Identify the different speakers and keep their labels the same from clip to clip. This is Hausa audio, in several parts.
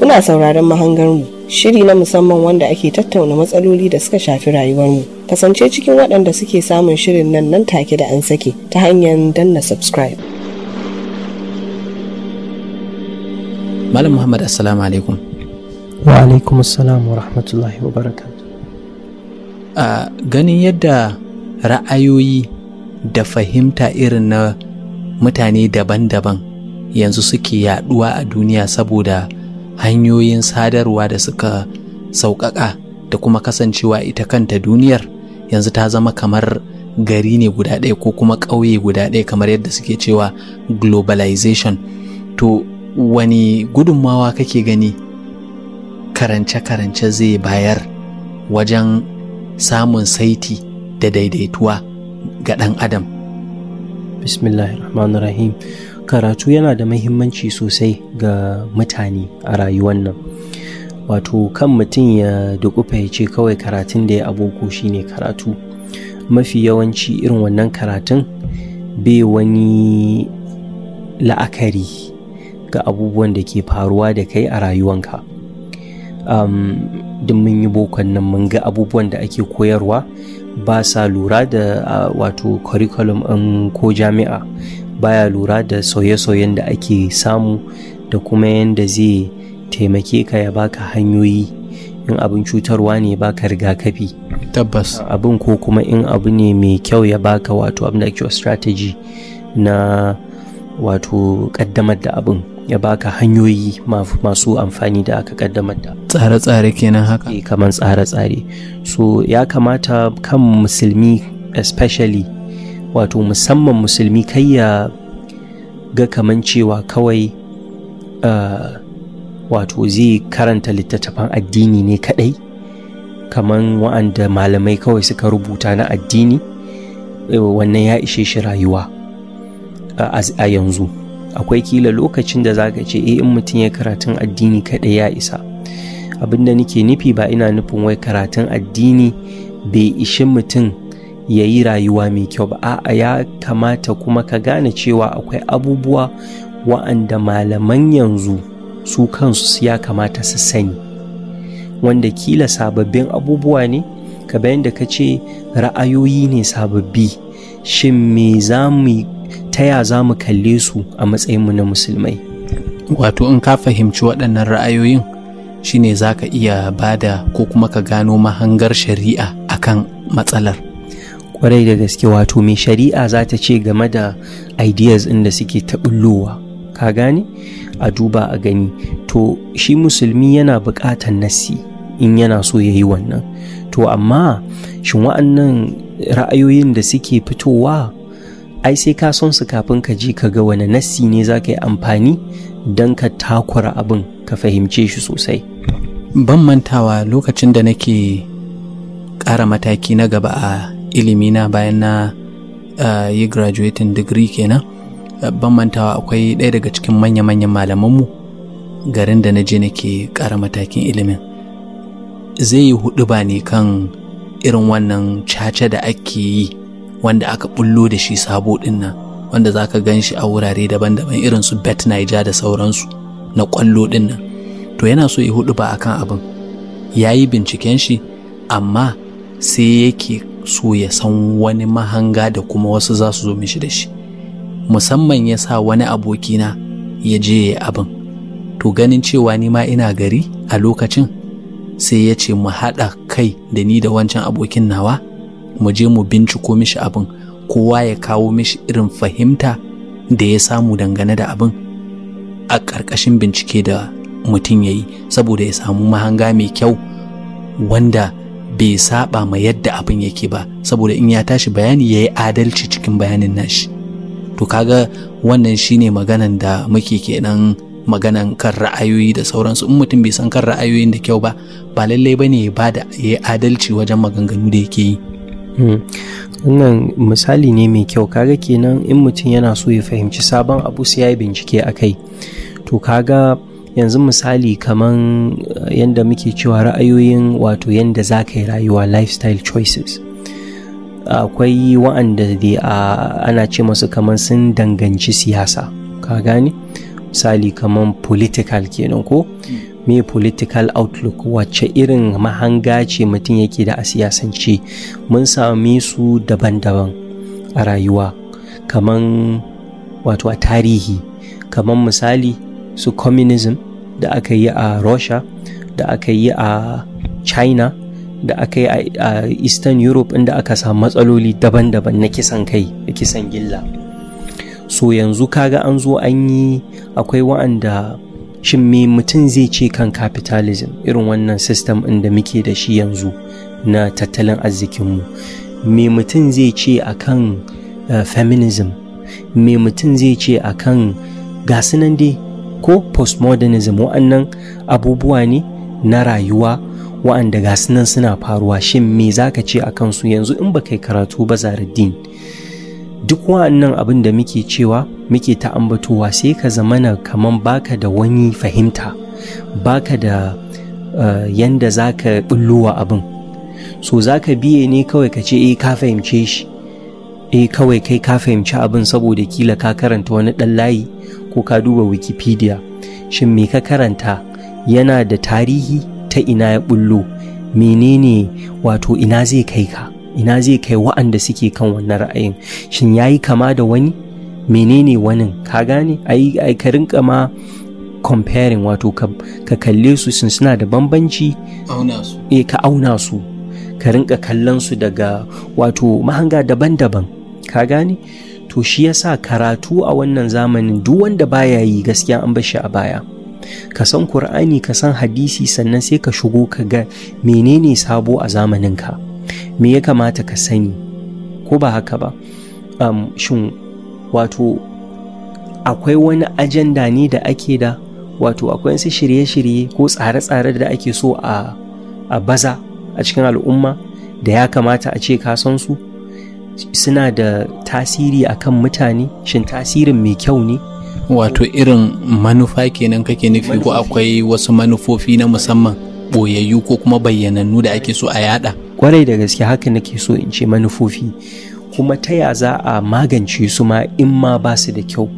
Speaker 1: Kuna sauraron mahangarmu shiri na musamman wanda ake tattauna matsaloli da suka shafi rayuwarmu. Kasance cikin waɗanda suke samun shirin nan nan take da an sake ta hanyar danna subscribe. Malam Muhammad Assalamu alaikum.
Speaker 2: Wa alaikum assalam wa rahmatullahi wa barakatuh.
Speaker 1: A ganin yadda ra'ayoyi da fahimta irin na mutane daban-daban yanzu suke yaduwa a duniya saboda hanyoyin sadarwa da suka sauƙaƙa da kuma kasancewa ita kanta duniyar yanzu ta zama kamar gari ne guda ɗaya ko kuma ƙauye guda ɗaya kamar yadda suke cewa globalization to wani gudunmawa kake gani karance-karance zai bayar wajen samun saiti da daidaituwa ga ɗan adam
Speaker 2: bismillahirrahmanirrahim karatu yana da mahimmanci sosai ga mutane a rayuwan nan wato kan mutum ya dukufa ya ce kawai karatun da ya aboko shine karatu mafi yawanci irin wannan karatun bai wani la'akari ga abubuwan da ke faruwa da kai a rayuwanka um, duk mun yi bokon nan mun ga abubuwan da ake koyarwa ba sa lura da uh, wato curriculum ɗin ko jami'a baya lura da sauye-sauyen da ake samu da kuma yadda zai taimake ka ya baka hanyoyi in abin cutarwa ne baka rigakafi tabbas abin ko kuma in abu ne mai kyau ya baka wato abin da ake strategy na wato kaddamar da abin ya baka hanyoyi masu amfani da aka kaddamar da tsare-tsare kenan haka eh, kamar tsare-tsare so ya kamata kan musulmi especially wato musamman musulmi kai ya ga kaman cewa kawai ah, wato zai karanta littattafan addini ne kadai kaman wa'anda malamai kawai suka rubuta na addini eh, wannan ya ishe shi rayuwa a yanzu akwai kila lokacin da zaka ce eh, in mutum ya karatun addini kadai ya isa abinda nake nufi ba ina nufin wai karatun addini bai ishi mutum ya yi rayuwa mai kyau ba a'a ya kamata kuma ka gane cewa akwai abubuwa wa'anda malaman yanzu su kansu ya kamata su sani wanda kila sababbin abubuwa ne ka bayan da ka ce ra'ayoyi ne sababbi shin me za mu ta za mu kalle su a matsayinmu na musulmai wato in ka fahimci waɗannan ra'ayoyin
Speaker 1: shine za ka iya bada ko kuma ka gano mahangar shari'a akan matsalar
Speaker 2: kwarai da gaske wato mai shari'a za ta ce game da ideas ɗin da suke taɓullowa ka gane a duba a gani to shi musulmi yana buƙatar nasi in yana so ya yi wannan to amma shin wa'annan ra'ayoyin da suke fitowa ai sai ka son su kafin ka je ka ga wani nasi ne za ka yi amfani don ka takura abin ka fahimce shi sosai ban mantawa lokacin da nake ƙara mataki
Speaker 1: na gaba a ilimina bayan na ah, yi graduating degree kenan ah, ban mantawa akwai ɗaya daga cikin manya-manyan malamanmu garin da na je nake ƙara matakin ilimin zai yi hudu ba ne kan irin wannan caca da ake yi wanda aka bullo da shi sabo ɗin nan wanda za ka gan shi a wurare daban-daban irin su bet naija da sauransu na ƙwallo ɗin nan to yana so ya hudu ba akan abin ya yi binciken shi amma sai yake so ya san wani mahanga da kuma wasu za su zo mishi da shi musamman ya sa wani abokina ya je ya abin to ganin cewa ni ma ina gari a lokacin sai ya ce mu haɗa kai da ni da wancan abokin nawa mu je mu binciko mishi abin kowa ya kawo mishi irin fahimta da ya samu dangane da abin a ƙarƙashin bincike da mutum ya yi saboda ya samu mahanga mai kyau wanda bai saba ma yadda abin yake ba saboda in ya tashi bayani ya yi adalci cikin bayanin nashi to kaga wannan shine maganan da muke kenan maganan kan ra'ayoyi da sauransu in mutum bai san kan ra'ayoyin da kyau ba ba lallai ba ne ba da ya yi adalci wajen maganganu da yake
Speaker 2: yi hmm. wannan misali ne mai kyau kaga kenan in mutum yana so ya fahimci sabon abu sai ya yi bincike a kai to kaga yanzu misali kaman eh, yanda muke cewa ra'ayoyin wato yanda za ka yi rayuwa lifestyle choices akwai wa'anda da ana ce masu kaman sun danganci siyasa ka gane misali kaman political kenan ko hmm. me political outlook wacce irin mahanga ce mutum yake da a siyasance mun sami su daban-daban a rayuwa kaman wato a tarihi kaman misali su communism da aka yi a russia da aka yi a china da aka yi a eastern europe inda aka samu matsaloli daban-daban na kisan kai da kisan gilla so yanzu kaga an zo an yi akwai wa'anda shin me mutum zai ce kan capitalism irin wannan system inda muke da shi yanzu na tattalin arzikinmu me mutum zai ce a kan eh, feminism me mutum zai ce a kan gasunan dai ko postmodernism wa'annan abubuwa ne na rayuwa wa'anda ga nan suna faruwa shin me za ka ce a kansu yanzu in ba kai karatu ba zaruddin duk wa'annan abin da muke cewa muke ta ambatowa sai ka zamana kaman baka da wani fahimta baka da uh, yanda za ka bullowa abin so za ka biye ne kawai ka ce eh ka fahimce shi eh kawai kai ka fahimci abin saboda kila ka karanta wani ɗan layi ko ka duba wikipedia shin me ka karanta yana da tarihi ta ina ya bullo menene wato ina zai kai ka ina zai kai wa'anda suke kan wannan ra'ayin shin yayi kama da wani menene wani ka gane ai ka rinka ma comparing wato ka kalle su sun suna da bambanci e ka auna su ka rinka kallon su daga wato mahanga daban-daban ka gane to shi yasa karatu a wannan zamanin duk wanda baya yi gaskiya an bar shi a baya ka san Kur'ani ka san hadisi sannan sai ka shigo ka ga menene sabo a zamaninka me ya kamata ka sani ko ba haka ba um, shin wato akwai wani ajanda ne da ake da wato akwai wasu shirye-shirye ko tsare-tsare da ake so a, a baza a cikin al'umma da ya kamata a ce ka san su suna da tasiri a kan mutane shin tasirin mai kyau ne wato irin manufa kenan kake nufi ko akwai wasu manufofi na musamman boyayyu ko kuma bayyanannu da ake so a yada kwarai da gaske haka nake so in ce manufofi kuma ta ya za a magance su ma in ma ba su da kyau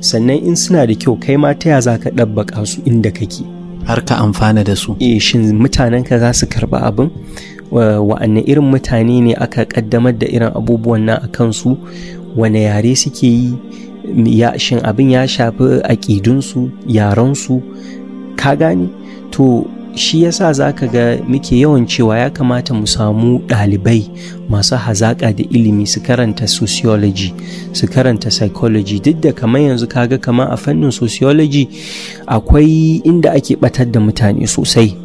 Speaker 2: sannan in suna da kyau kai ma ta ya za ka ɗabbaka su inda kake har ka amfana da su eh shin mutanenka ka za su karba abin wa'anne irin mutane ne aka kaddamar da irin abubuwan nan a kansu wane yare suke yi ya shin abin ya shafi aƙidunsu yarensu ka gane to shi yasa za ka ga muke yawan cewa ya kamata mu samu ɗalibai masu hazaƙa da ilimi su karanta sociology su karanta psychology duk da kamar yanzu kaga kamar a fannin sociology akwai inda ake ɓatar da mutane sosai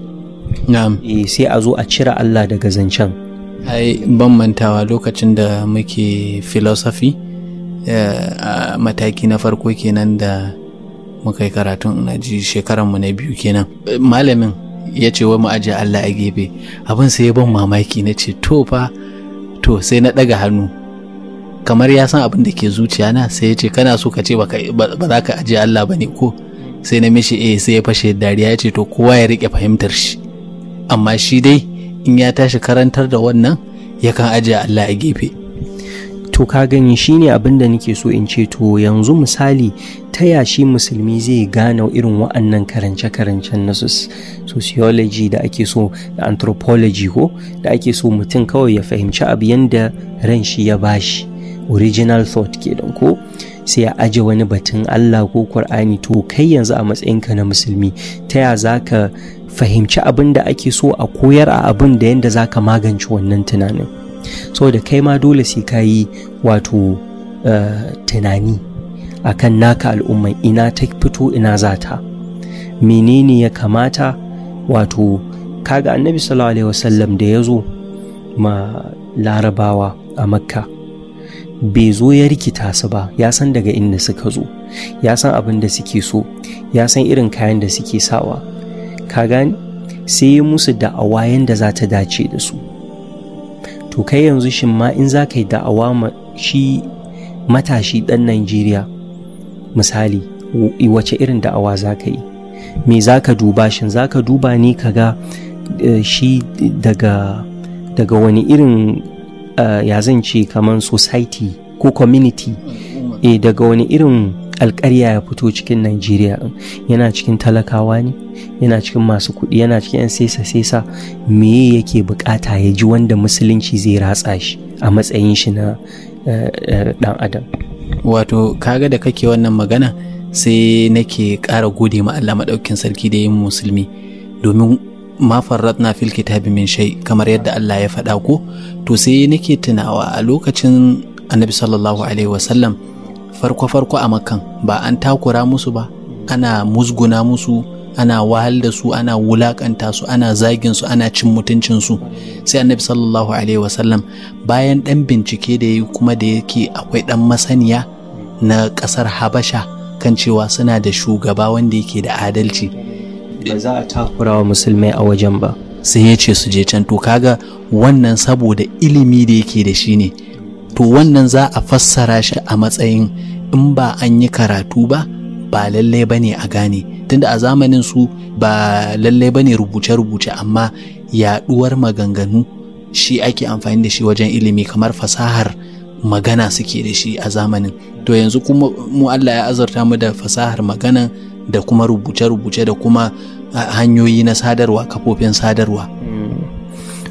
Speaker 2: E, sai a zo a cire Allah daga zancen ai ban
Speaker 1: mantawa lokacin da muke philosophy eh, a mataki na farko kenan da muka yi karatun na ji shekaranmu na biyu kenan malamin ya ce wa mu Allah a gefe abin sai ya ban mamaki na ce to fa to sai na ɗaga hannu kamar ya san abin da ke zuciya na sai ya ce kana so ka ce ba za ka ajiye Allah ba ne ko sai na mishi eh sai ya fashe dariya ya ce to kowa ya riƙe fahimtar shi amma shi dai in ya tashi karantar da wannan yakan
Speaker 2: ajiye Allah a gefe to ka gani shine abin da nake so in ce to yanzu misali ta yashi musulmi zai gane irin wa'annan karance-karancen na sociology da ake so da anthropology ko da ake so mutum kawai ya fahimci abu yadda ran shi ya bashi original thought kenan ko sai ya aje wani batun Allah ko Qur'ani to kai yanzu a matsayinka na musulmi ta ya za fahimci abin da ake so a koyar a abin da yadda zaka magance wannan tunanin saboda kai ma dole sai ka yi wato eh, tunani akan naka al'umma ina ta fito ina zata, menene ya kamata wato kaga annabi sallallahu alaihi wasallam da ya zo ma larabawa a makka bai zo ya rikita su ba ya san daga inda suka zo ya san abin da suke so ya san irin kayan da suke sawa ka gani sai ya musu da'awa yadda za ta dace da su to kai yanzu shin ma in za ka yi da'awa shi matashi ɗan Najeriya misali wace irin da'awa za ka yi me za ka duba shin za ka duba ne ka ga eh, shi daga daga wani irin Eh, ya zan ce kamar society ko community e daga wani irin alkarya ya fito cikin Najeriya yana cikin talakawa ne yana cikin masu kuɗi yana cikin 'yan sesa sesa meye yake bukata ya ji wanda musulunci zai ratsa shi a matsayin shi na dan eh, adam wato kaga da kake
Speaker 1: wannan magana sai nake ƙara gode ma Allah maɗaukin sarki da yin musulmi domin ma farratna fil kitabi min shay kamar yadda Allah ya faɗa ko to sai nake tunawa a lokacin annabi sallallahu alaihi wasallam farko farko a makan ba an takura musu ba ana musguna musu ana wahal da su ana wulakanta su ana zagin su ana cin mutuncin su sai annabi sallallahu alaihi wasallam bayan dan bincike da yi kuma da yake akwai dan masaniya na kasar habasha kan cewa suna da shugaba wanda yake da adalci ba za a takura wa musulmai a wajen ba sai ya ce su je can to kaga wannan saboda ilimi da yake da shi ne to wannan za a fassara shi a matsayin in ba an yi karatu ba ba lallai ba ne a gane tunda a zamanin su ba lallai ba ne rubuce-rubuce amma yaɗuwar maganganu shi ake amfani da shi wajen ilimi kamar fasahar magana suke da shi a zamanin to yanzu kuma mu Allah ya azurta mu da fasahar magana da kuma rubuce-rubuce da kuma ah, hanyoyi na
Speaker 2: sadarwa kafofin sadarwa hmm.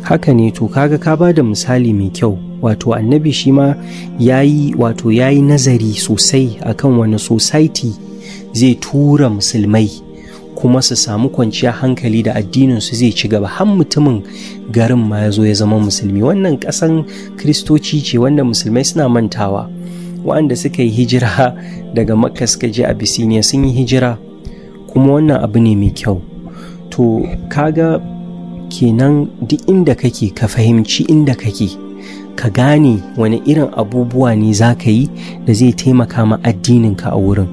Speaker 2: haka ne to kaga ka ba da misali mai kyau wato annabi shi ma ya yi wato ya nazari sosai akan wani society zai tura musulmai kuma su samu kwanciya hankali da addinin su zai ci gaba har mutumin garin ma ya zo ya zama musulmi wannan kasan kristoci ce wanda musulmai suna mantawa waɗanda suka yi hijira daga makka suka je abisiniya sun yi hijira kuma wannan abu ne mai kyau to kaga kenan duk inda kake ka fahimci inda kake ka gane wani irin abubuwa ne za ka yi da zai taimaka ma addininka a wurin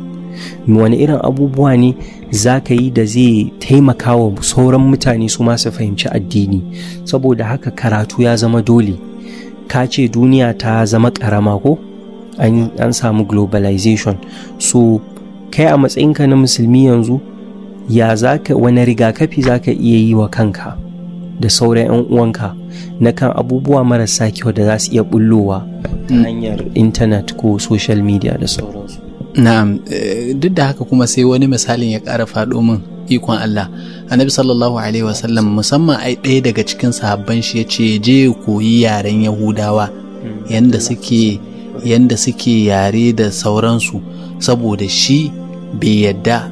Speaker 2: wani irin abubuwa ne za ka yi da zai taimaka wa sauran mutane su masu fahimci addini saboda haka karatu ya zama dole ka ce duniya ta zama karama ko an samu globalization so kai a matsayinka na musulmi yanzu ya zaka wani rigakafi zaka iya yi wa kanka da sauran 'yan uwanka na kan abubuwa marasa kyau da za su iya bullowa ta mm. hanyar intanet ko social media da sauransu na'am
Speaker 1: eh, duk da haka kuma sai wani misalin ya ƙara faɗo min ikon Allah annabi sallallahu alaihi wasallam musamman ai ɗaya daga cikin sahabban shi ya ce je koyi yaren yahudawa mm. yanda suke yanda suke yare da sauransu saboda shi bai yadda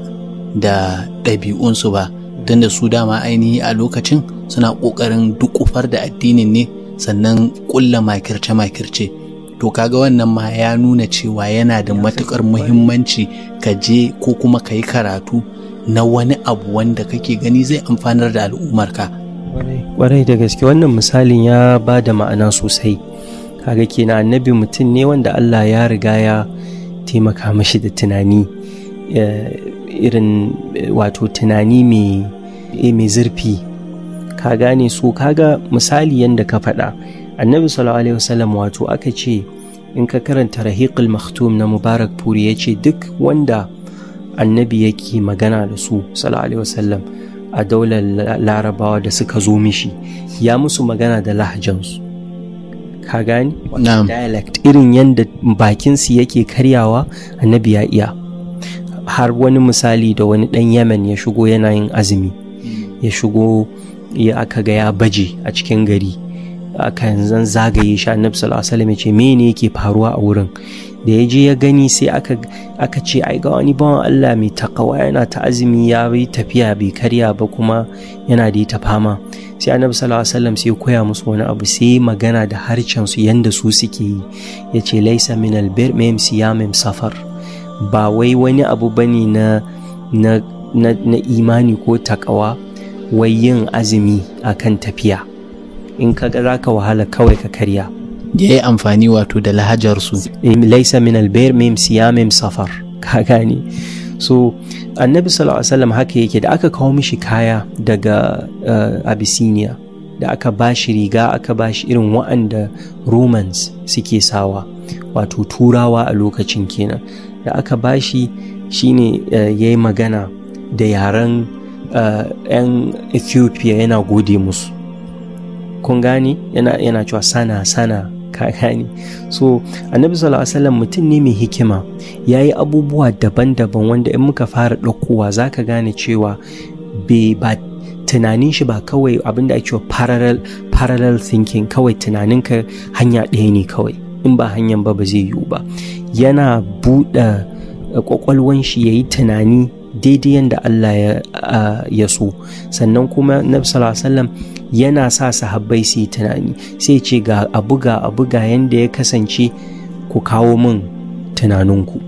Speaker 1: da ɗabi'unsu ba don da su dama ainihi a lokacin suna ƙoƙarin dukufar da addinin ne sannan ƙulla makirce-makirce to kaga wannan ma ya nuna cewa yana da matuƙar muhimmanci ka je ko kuma ka yi karatu na wani abu wanda kake gani zai amfanar da al'ummarka
Speaker 2: ƙwarai da gaske wannan misalin ya ba da ma'ana sosai kaga kenan annabi mutum ne wanda allah ya riga ya taimaka mashi da tunani eh, irin wato tunani mai eh, zurfi ka gane so kaga misali yadda ka faɗa annabi sallallahu alaihi wasallam wato aka ce in ka karanta rahiqul maktum na mubarak puri ya ce duk wanda annabi yake magana da su sallallahu alaihi wasallam a daular larabawa da suka zo mishi ya musu magana da lahajansu ka gani dialect irin yadda bakinsu yake karyawa annabi ya iya har wani misali da wani ɗan yemen ya shigo yana yin azumi ya shigo ya aka ga ya baje a cikin gari aka yanzu zagaye shi annabi sallallahu alaihi wasallam ya ce mene yake faruwa a wurin da ya je ya gani sai aka ce ai ga wani bawan Allah mai takawa yana ta azumi ya yi tafiya bai karya ba kuma yana da ta fama sai annabi sallallahu alaihi wasallam sai koya musu wani abu sai magana da harshen su yanda su suke yi yace laisa min albir mem siyamim safar ba wai wani abu bane na na na, na imani ko takawa wai yin azumi kan tafiya in ka za ka wahala kawai ka karya ya yi amfani wato da lahajarsu laisa min albayr mim siyamim safar ka gane so annabi sallallahu alaihi wasallam haka yake da aka kawo mishi kaya daga uh, abyssinia da aka ba shi riga aka ba shi irin wa'anda romans suke sawa wato turawa a lokacin kenan da aka bashi shine uh, eh, ya yi magana da yaren uh, 'yan ethiopia yana gode musu kun gani yana, yana cewa sana sana ka gani so annabi sallallahu alaihi wasallam mutum ne mai hikima ya yi abubuwa daban-daban wanda in muka fara ɗaukowa za ka gane cewa ba tunanin shi ba kawai abinda ake cewa parallel, parallel thinking kawai tunaninka hanya ɗaya ne kawai in ba hanyar ba ba zai yiwu ba yana buɗe kwakwalwan eh, shi ya yi tunani daidai yadda Allah ya so sannan kuma na yana sa sahabbai su yi tunani sai ce ga abu ga abu ga yadda ya kasance ku kawo min tunaninku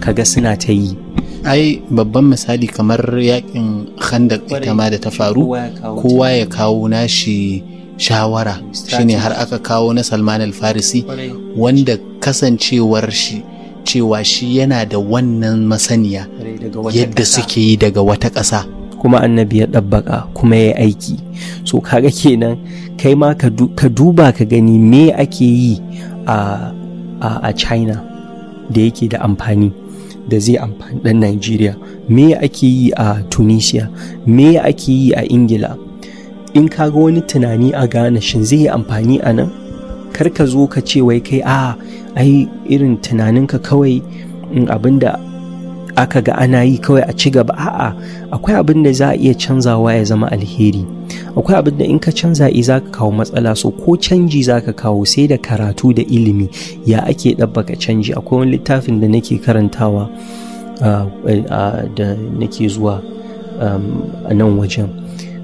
Speaker 2: kaga suna ta yi ai babban misali kamar yakin khandak ita ma da ta
Speaker 1: faru kowa ya kawo nashi shawara shine har aka kawo na salman al-farisi wanda kasancewar shi cewa shi yana da wannan masaniya yadda suke yi daga wata
Speaker 2: ƙasa kuma annabi ya ɗabbaƙa kuma ya aiki so kaga kenan kai ma ka duba ka gani me ake yi a, a china da yake da amfani da zai amfani ɗan nigeria me ake yi a tunisia me ake yi a ingila in ka ga wani tunani a gane shin zai yi amfani a nan kar ka zo ka ce wai kai a ai irin tunaninka kawai mm, abin da aka ga ana yi kawai a ci gaba a'a akwai abin da za a iya canzawa ya zama alheri akwai abin da in ka canza i za ka kawo matsala so ko canji za ka kawo sai da karatu da ilimi ya ake ɗabbaka canji akwai wani littafin da nake karantawa ah, eh, ah, da nake zuwa um, a nan wajen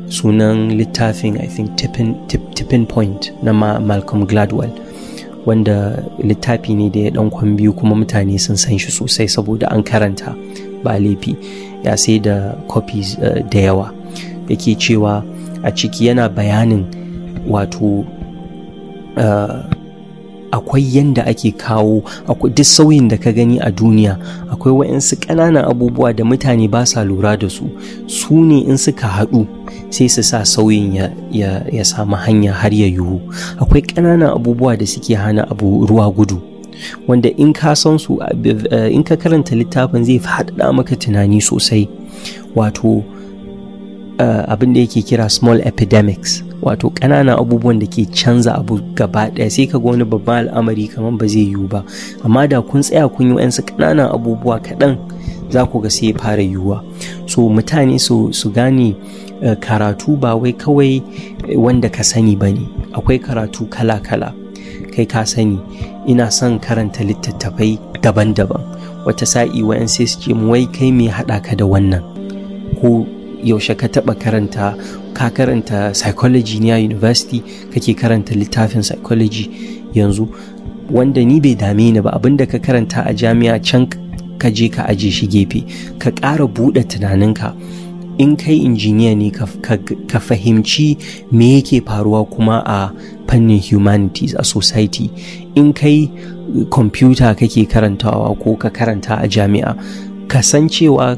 Speaker 2: sunan littafin i think tipping, tip, tipping point na Ma, malcolm gladwell wanda littafi ne da ya dan biyu kuma mutane sun san shi sosai saboda an karanta ba laifi ya sai da copies uh, da yawa yake cewa a ciki yana bayanin wato uh, akwai yanda ake kawo akwai duk sauyin da ka gani a duniya akwai su ƙananan abubuwa da mutane ba sa lura da su su ne in suka haɗu sai su sa sauyin ya, samu hanya har ya yiwu akwai ƙananan abubuwa da suke hana abu ruwa gudu wanda in ka san su eh, in ka karanta littafin zai faɗaɗa maka tunani sosai wato Eh, abin da yake kira small epidemics wato ƙananan abubuwan da ke canza abu gaba ɗaya sai kaga wani babban al'amari kamar ba zai yiwu ba amma da kun tsaya kun yi wa'yansu ƙananan abubuwa kaɗan za ku ga sai fara yiwuwa so mutane su so, gane eh, karatu ba wai kawai wanda ka sani ba ne akwai karatu kala-kala kai ka sani ina son karanta littattafai daban-daban wata sa'i wa'yan sai su ce wai kai me haɗa ka da wannan ko yaushe ka taɓa karanta ka karanta psychology ne a university kake karanta littafin psychology yanzu wanda ni bai dame ni ba abinda ka karanta a jami'a can ka je ka aje shi gefe ka ƙara buɗe tunaninka in kai injiniya ne ka fahimci me yake faruwa kuma a fannin humanities a society in kai kwamfuta kake karantawa ko ka karanta a jami'a ka san cewa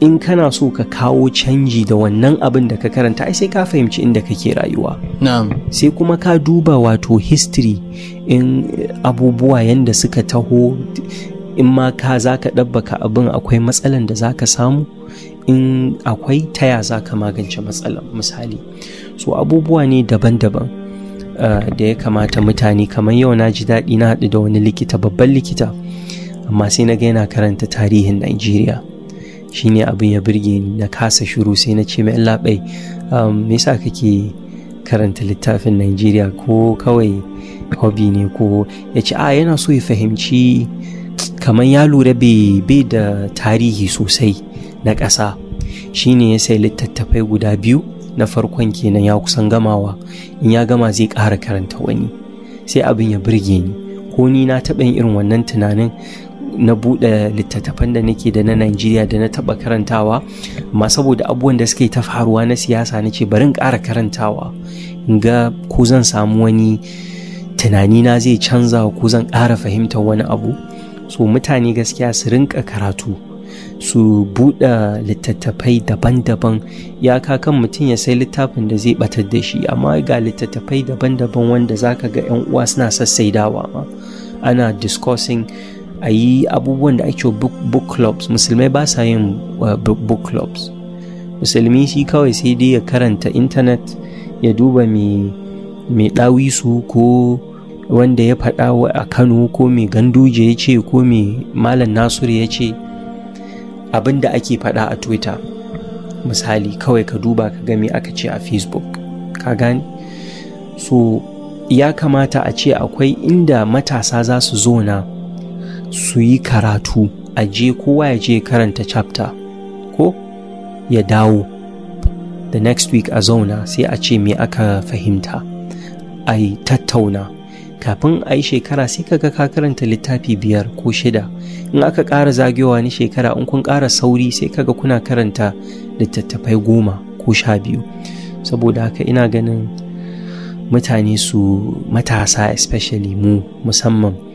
Speaker 2: in kana so ka kawo canji da wannan abin da ka karanta ai sai ka fahimci inda kake rayuwa sai kuma ka duba wato history in abubuwa yanda suka taho in ma ka za ka ɗabbaka abin akwai matsalan da za ka samu in akwai taya za ka magance matsalan misali so abubuwa ne daban-daban ah, da ya kamata mutane kamar yau na ji daɗi na haɗu da wani likita babban likita amma sai na ga yana karanta tarihin Najeriya. Shi ne abin ya birge na kasa shiru sai na ce mai labai um, me yasa kake karanta littafin Najeriya ko kawai hobby ne ko ya ce a ah, yana so ya fahimci kamar ya lura bai da tarihi sosai na ƙasa ne ya sai littattafai guda biyu na farkon kenan ya kusan gamawa in ya gama zai ƙara karanta wani sai abin ya birge ni ko ni na taɓa yin irin wannan tunanin na buɗe littattafan da nake da na Najeriya da na taɓa karantawa amma saboda abubuwan da suke ta faruwa na siyasa nace, bari in ƙara karantawa in ga ko zan samu wani tunani na zai canza ko zan ƙara fahimtar wani abu so mutane gaskiya su rinka karatu su buɗe littattafai daban-daban ya kan mutum ya sai littafin da zai batar da shi amma ga littattafai daban-daban wanda zaka ga 'yan uwa suna sassaidawa ma ana discussing a yi abubuwan da ake book clubs musulmai ba sa yin uh, book clubs musulmi shi kawai sai dai ya karanta intanet ya duba mai ɗawisu ko wanda ya faɗa a kano ko mai ganduje ya ce ko mai malam nasur ya ce abin da ake faɗa a twitter misali kawai ka duba ka gami aka ce a facebook ka gane so ya kamata a ce akwai inda matasa za su zo na su yi karatu a je kowa ya je karanta chapter ko ya dawo the next week a zauna sai a ce me aka fahimta a yi tattauna kafin a yi shekara sai kaga ka karanta littafi biyar ko shida in aka ƙara zagewa ni shekara in kun ƙara sauri sai kaga kuna karanta littattafai goma ko sha biyu saboda haka ina ganin mutane su matasa especially mu musamman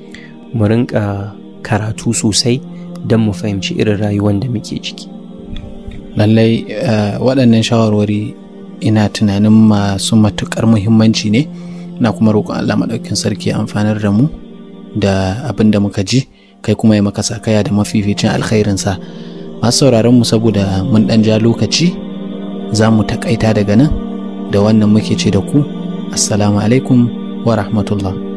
Speaker 2: mu rinka karatu sosai don mu fahimci irin rayuwar da muke ciki lallai eh, waɗannan shawarwari
Speaker 1: ina tunanin masu matuƙar muhimmanci ne na kuma roƙon Allah maɗaukin sarki amfanar da mu da abin da muka ji kai kuma ya maka sakaya da mafificin alkhairinsa masu sauraron mu saboda mun ɗan ja lokaci za mu taƙaita daga nan da wannan muke ce da ku assalamu alaikum wa rahmatullah